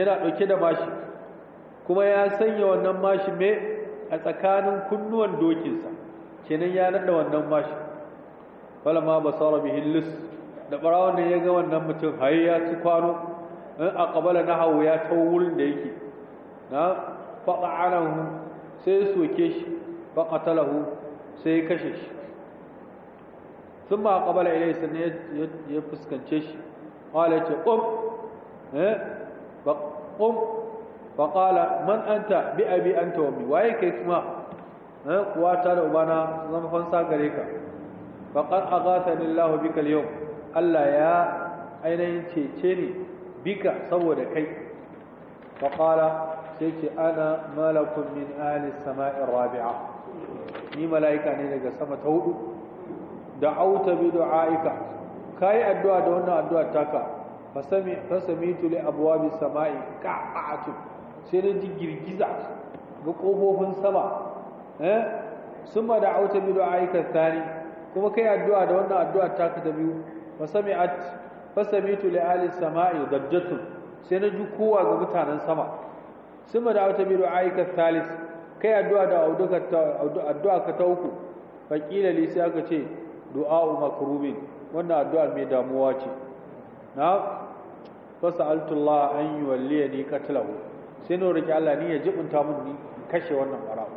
Speaker 1: yana dauke da mashi kuma ya sanya wannan mashi me a tsakanin kunnuwan dokinsa kenan ya naɗa wannan mashi falama basara bihi lis da barawon ne ya ga wannan mutum hayi ya ci kwano in na hau ya tawo wurin da yake na faɗa faqa'anahu sai soke shi faɗa faqatalahu sai kashe shi sun ba aqbala ilayhi sannan ya fuskance shi ƙwala ce ƙum ƙum eh? faƙala man an ta bi abi an ta bi waye yi kuma eh kuwa ta da ubana zama fansa gare ka a agathani Allah bika al-yawm Allah ya ainihin cece ne bika saboda kai fa qala sai ce ana malakun min ali sama'ir rabi'a ni malaika ne daga sama ta hudu da auta bi du'aika kai addu'a da wannan addu'a taka fa sami fa tu li abwabi sama'i qa'atu sai da girgiza ga kofofin sama eh summa da auta bi du'aika tsari kuma kai addu'a da wannan addu'a taka ta biyu fa sami'at fasamitu li ali sama'i dajjatun sai na ji kowa ga mutanen sama Sima da wata bi du'aika kai addu'a da auduka addu'a ka ta uku fa qila li sai aka ce du'a'u makrubin wannan addu'a mai damuwa ce na fasaltu Allah an yuwalliyani qatlahu sai na roki Allah ni ya jibunta mun ni kashe wannan barawo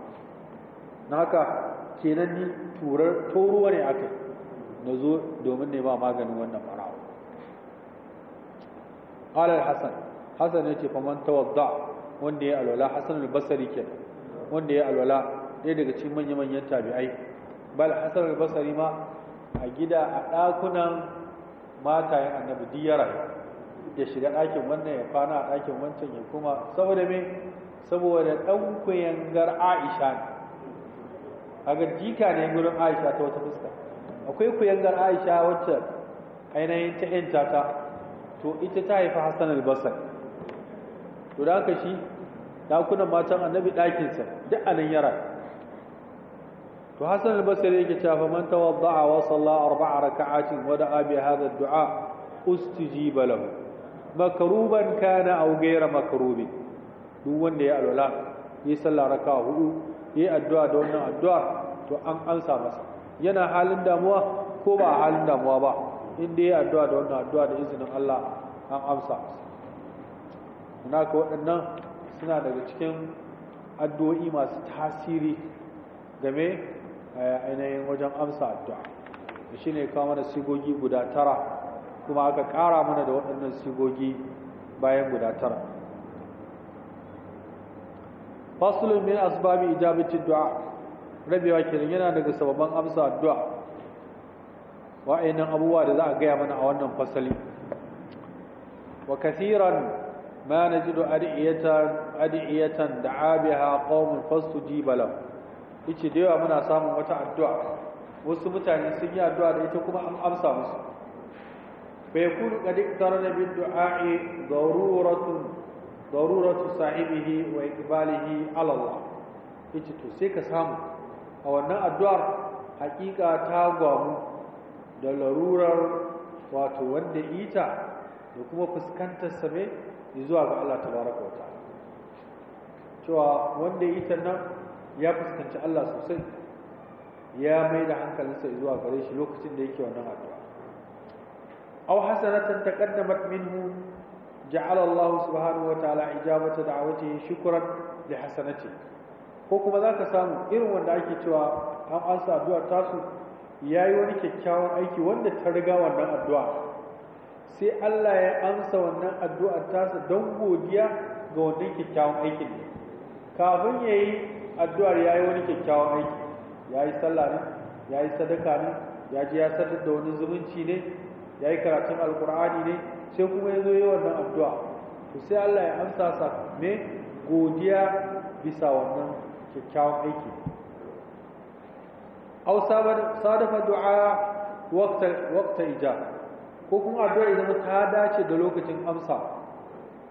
Speaker 1: na haka kenan ni turar toruwa ne aka zo domin ne ba maganin wannan
Speaker 2: qala al-hasan hasan yace fa man tawadda wanda ya alwala hasan al-basri kenan wanda ya alwala ɗaya daga cikin manyan manyan
Speaker 1: tabi'ai bal hasan al-basri ma a gida a ɗakunan matayen annabi diyara ya shiga ɗakin wannan ya kwana a ɗakin wancan ya kuma saboda me saboda ɗan kuyangar aisha ne kaga jika ne gurin aisha ta wata fuska akwai kuyangar aisha wacce ainihin ta yanta ta to ita ta haifi hassan albasar to da aka shi dakunan matan annabi ɗakinsa duk a nan yara to hassan albasar yake ke man tawadda'a wa a arba'a raka'atin wa wada bi hadha ad-du'a ustijiba lahu makaruban kana aw ghayra makarubi duk wanda ya alwala yi sallah raka'a hudu yi addu'a da wannan addu'a to an ansa masa yana halin damuwa ko ba halin damuwa ba in dai addu'a da wannan addu'a da izinin Allah an amsa muna ka waɗannan suna daga cikin addu'o'i masu tasiri game a eh, ainihin wajen amsa addu'a da shi ne kawo mana sigogi guda tara kuma aka ƙara mana da waɗannan sigogi bayan guda tara fasulun min asbabi ijabatin du'a rabewa kenan yana daga sababan amsa addu'a wa'annan abubuwa da za a gaya mana a wannan fasali wa kathiran ma najidu adiyatan adiyatan da'a biha qaumun ji lahu yace da yawa muna samun wata addu'a wasu mutane sun yi addu'a da ita kuma an amsa musu Bai yakunu qad iqtarana bin du'a'i daruratun daruratu sahibihi wa iqbalihi ala Allah yace to sai ka samu a wannan addu'ar hakika ta gwamu da larurar wato wanda ita da kuma fuskantar same zuwa ga Allah tabaraka baraka wata. cewa wanda ita nan ya fuskanci Allah sosai ya mai da hankalinsa zuwa gare shi lokacin da yake wannan addu'a aw hasanatan taqaddamat minhu ja'ala Allah subhanahu wa ta'ala ijabata da'awatihi shukran li hasanati ko kuma zaka samu irin wanda ake cewa an ansa addu'a tasu ya yi wani kyakkyawan aiki wanda ta riga wannan addu'a sai Allah ya amsa wannan addu'ar tasa don godiya ga wannan kyakkyawan aikin kafin ya yi addu'ar ya yi wani kyakkyawan aiki ya yi sallah ya yi sadaka ne ya ji ya sadar da wani zumunci ne ya yi karatun alkur'ani ne sai kuma ya zo yi wannan addu'a to sai Allah ya amsa sa me godiya bisa wannan kyakkyawan aiki Au aw sadafa du'a waqta waqta ijab ko kuma addu'a idan ta dace da lokacin amsa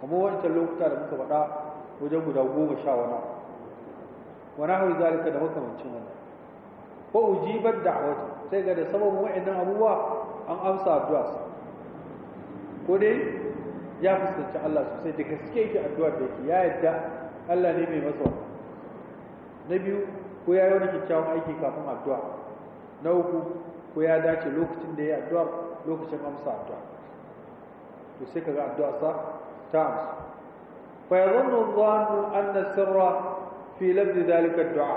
Speaker 1: kuma wancan lokacin da muka faɗa wajen guda goma sha wani wani hau zalika da makamancin wani? ko ujibar da'awatu sai ga da sabon wa'annan abubuwa an amsa addu'a ko dai ya fuskanci Allah sosai da gaske yake addu'a da yake ya yadda Allah ne mai masa na biyu ko ya yi wani kyakkyawan aiki kafin addu'a na uku ko ya dace lokacin da ya yi addu'a lokacin amsa addu'a to sai kaga addu'a sa ta amsa fa zanna dhannu anna sirra fi lafzi dalika addu'a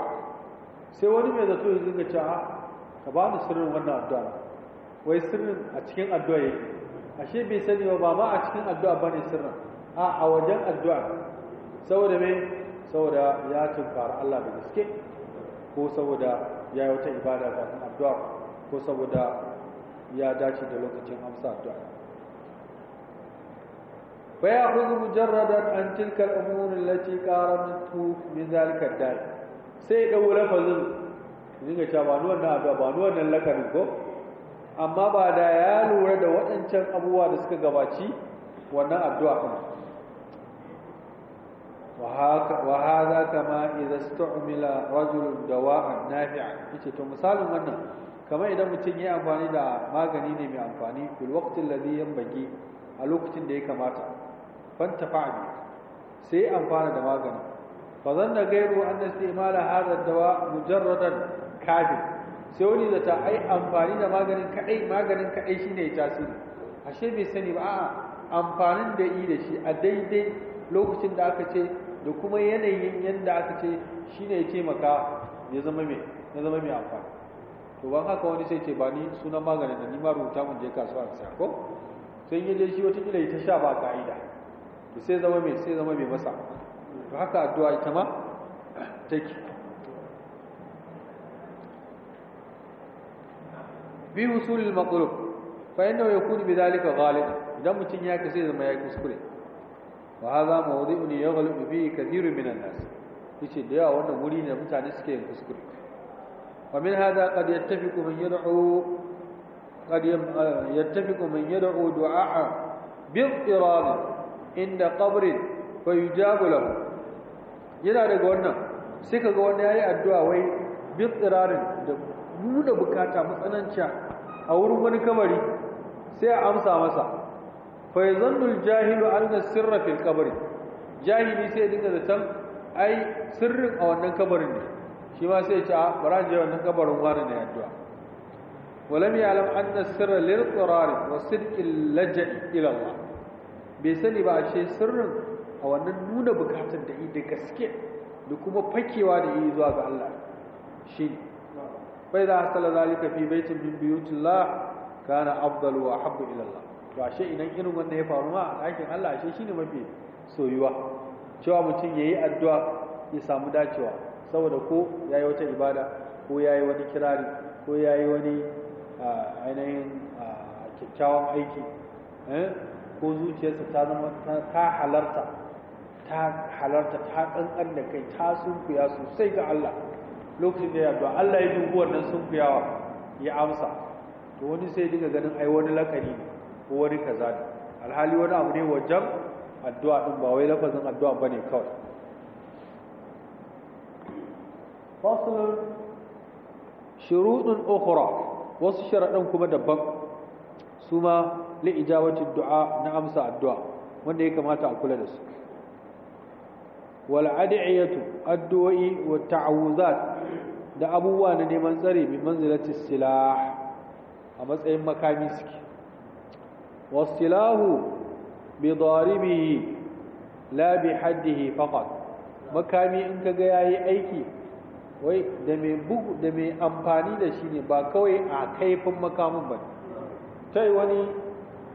Speaker 1: sai wani mai zato ya dinga cewa ka ba ni sirrin wannan addu'a wai sirrin a cikin addu'a yake ashe bai sani ba ba ma a cikin addu'a ba ne sirrin a a wajen addu'a saboda me saboda ya tunkara Allah da gaske ko saboda ya yi wata ibada da addu'a ko saboda ya dace da lokacin amsa addu'a fa ya khudhu mujarradan an tilka al-umur allati qarantu min zalika ad sai da wura fazin dinga cewa ba ni wannan addu'a ba ni wannan lakarin ko amma ba da ya lura da waɗancan abubuwa da suka gabaci wannan addu'a kuma وهذا كما إذا استعمل رجل دواء نافع yace to misalin wannan إذا idan mutum ya amfani da magani mai amfani fil waqtin ladhi yanbaghi a lokacin da ya kamata fanta fa'ali sai amfana da magani fa zanna gairu an dawa sai wani da ta ai amfani da maganin kaɗai maganin kaɗai shine ya tasiri ashe bai sani ba a amfanin da yi da shi a daidai lokacin da aka ce da kuma yanayin yadda aka ce shi ne ya taimaka ya zama mai ya zama mai amfani to ban haka wani sai ce ba ni sunan maganin da ni ma rubuta mun je kasuwa a saya ko sai ya je shi wata kila ita sha ba ka'ida to sai zama mai sai zama mai masa to haka addu'a ita ma take bi husulil maqlub fa innahu yakunu bidhalika ghalib idan mutun ya sai zama ya kuskure wa hadha mawdi'un yaghlibu bihi kathirun minan nas yace da yawa wannan wuri ne mutane suke yin kuskure wa min hadha qad yattafiqu man yad'u qad yattafiqu man yad'u du'a bi'tirab inda qabrin fa yujabu lahu yana daga wannan sai kaga wani yayi addu'a wai bi'tirarin da mu nuna bukata matsananciya a wurin wani kamari sai a amsa masa fa yadhunnu jahilu anna sirra fil qabri jahili sai dinga da san ai sirrin a wannan kabarin ne shi ma sai ya ce a bara je wannan kabarin wani ne addu'a walam ya'lam anna sirra lil qirari wa sidqil laj'i ila Allah bai sani ba a ce sirrin a wannan nuna bukatun da yi da gaske da kuma fakewa da yi zuwa ga Allah shi bai za a hasala zalika fi baitin min biyutillah kana afdalu wa habbu ila Allah to shi idan irin wannan ya faru ma a ɗakin Allah ashe shine mafi soyuwa cewa mutum ya yi addu'a ya samu dacewa saboda ko ya yi wata ibada ko ya yi wani kirari ko ya yi wani ainihin kyakkyawan aiki eh, ko zuciyarsa ta zama ta halarta ta halarta ta da kai ta sunkuya sosai ga Allah lokacin da ya addu'a Allah ya duhuwar nan sunkuyawa ya amsa to wani sai dinga ganin ai wani lakari ne ko wani kaza ne alhali wani abu ne wajen addu'a din ba wai lafazin addu'a bane kawai faslun shurudun ukhra wasu sharadan kuma daban su ma li du'a na amsa addu'a wanda ya kamata a kula da su wal ad'iyatu addu'i wa ta'awuzat da abubuwa na neman tsare bi manzilati silah a matsayin makami suke wasilahu bi daribihi la bi haddihi faqat makami in kaga yayi aiki wai da da mai amfani da shi ne ba kawai a kaifin makamin ba tai wani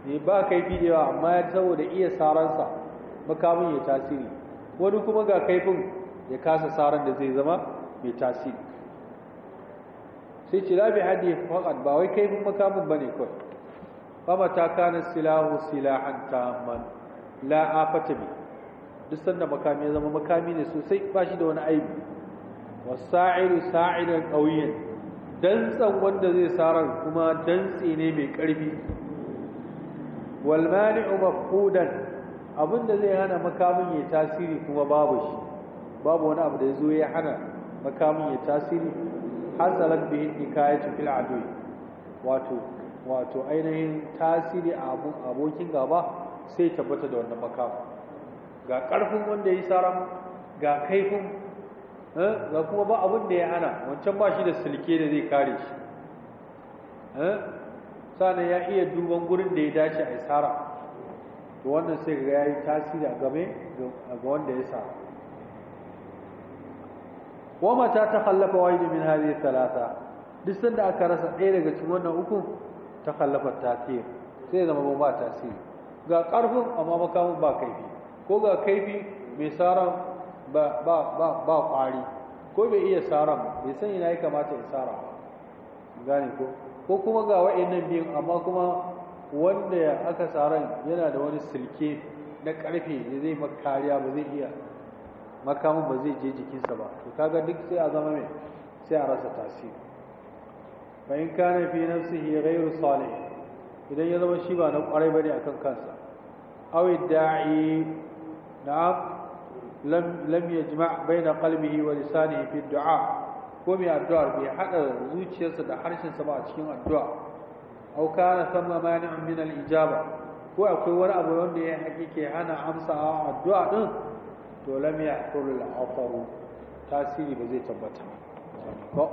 Speaker 1: ne ba kaifi da yawa amma ya saboda iya saransa makamin ya tasiri wani kuma ga kaifin ya kasa saran da zai zama mai tasiri sai ce la bi haddihi ba wai kaifin makamin bane kawai ta kana silahu silahan tamman la afata bi duk sanda makami zama makami ne sosai ba shi da wani aibi wasa'iru sa'idan qawiyan dantsan wanda zai sarar kuma dantse ne mai karfi wal mani'u mafqudan abinda zai hana makamin ya tasiri kuma babu shi babu wani abu da yazo ya hana makamin ya tasiri hasalan bihi nikayatu fil adu wato wato ainihin tasiri a abokin gaba sai tabbata da wannan makam ga ƙarfin wanda ya yi tsara ga kaifin eh, ga kuma ba abin da ya ana, wancan ba shi da silke da zai kare shi eh, sannan ya iya duban gurin da ya dace a isara, to wannan sai ga ya yi tasiri a game ga wanda ya tsara wa mata ta hallafa yi min hadhihi talata, duk sanda aka rasa ɗaya daga cikin wannan uku ta kallafar tasiri sai zama ba tasiri ga ƙarfin amma makamin ba kaifi ko ga kaifi mai tsaron ba ƙwari ko bai iya tsaron bai san ina ya kamata ya sara gane ko ko kuma ga wa'annan biyun amma kuma wanda aka tsaron yana da wani silke na ƙarfe da zai makariya ba zai iya makamin ba zai je jikinsa ba to kaga duk sai a zama mai sai a rasa tasiri fa in kana fi nafsihi ghayru salih idan ya zama shi ba na kwarai bane akan kansa aw da'i na lam lam yajma' baina qalbihi wa lisanihi fi du'a ko mai addu'ar bai haɗa zuciyarsa da harshensa ba a cikin addu'a aw kana thamma mani'un min al-ijaba ko akwai wani abu wanda ya hakike hana amsa addu'a din to lam yahsul al-afaru tasiri ba zai tabbata ba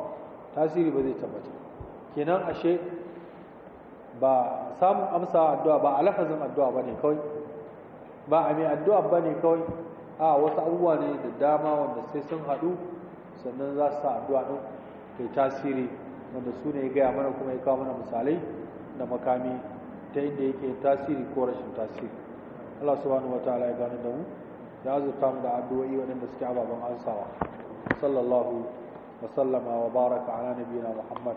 Speaker 1: tasiri ba zai tabbata kenan ashe ba samun amsa addu'a ba a lafazin addu'a ba ne kawai ba a mai addu'a ba ne kawai a wasu abubuwa ne da dama wanda sai sun haɗu sannan za su sa addu'a ɗin kai tasiri wanda su ne ya gaya mana kuma ya kawo mana misalai da makami ta inda yake tasiri ko rashin tasiri Allah subhanahu ta'ala ya gani da mu da azurta mu da addu'o'i waɗanda suke ababen ansawa sallallahu wa sallama wa baraka ala nabiyina muhammad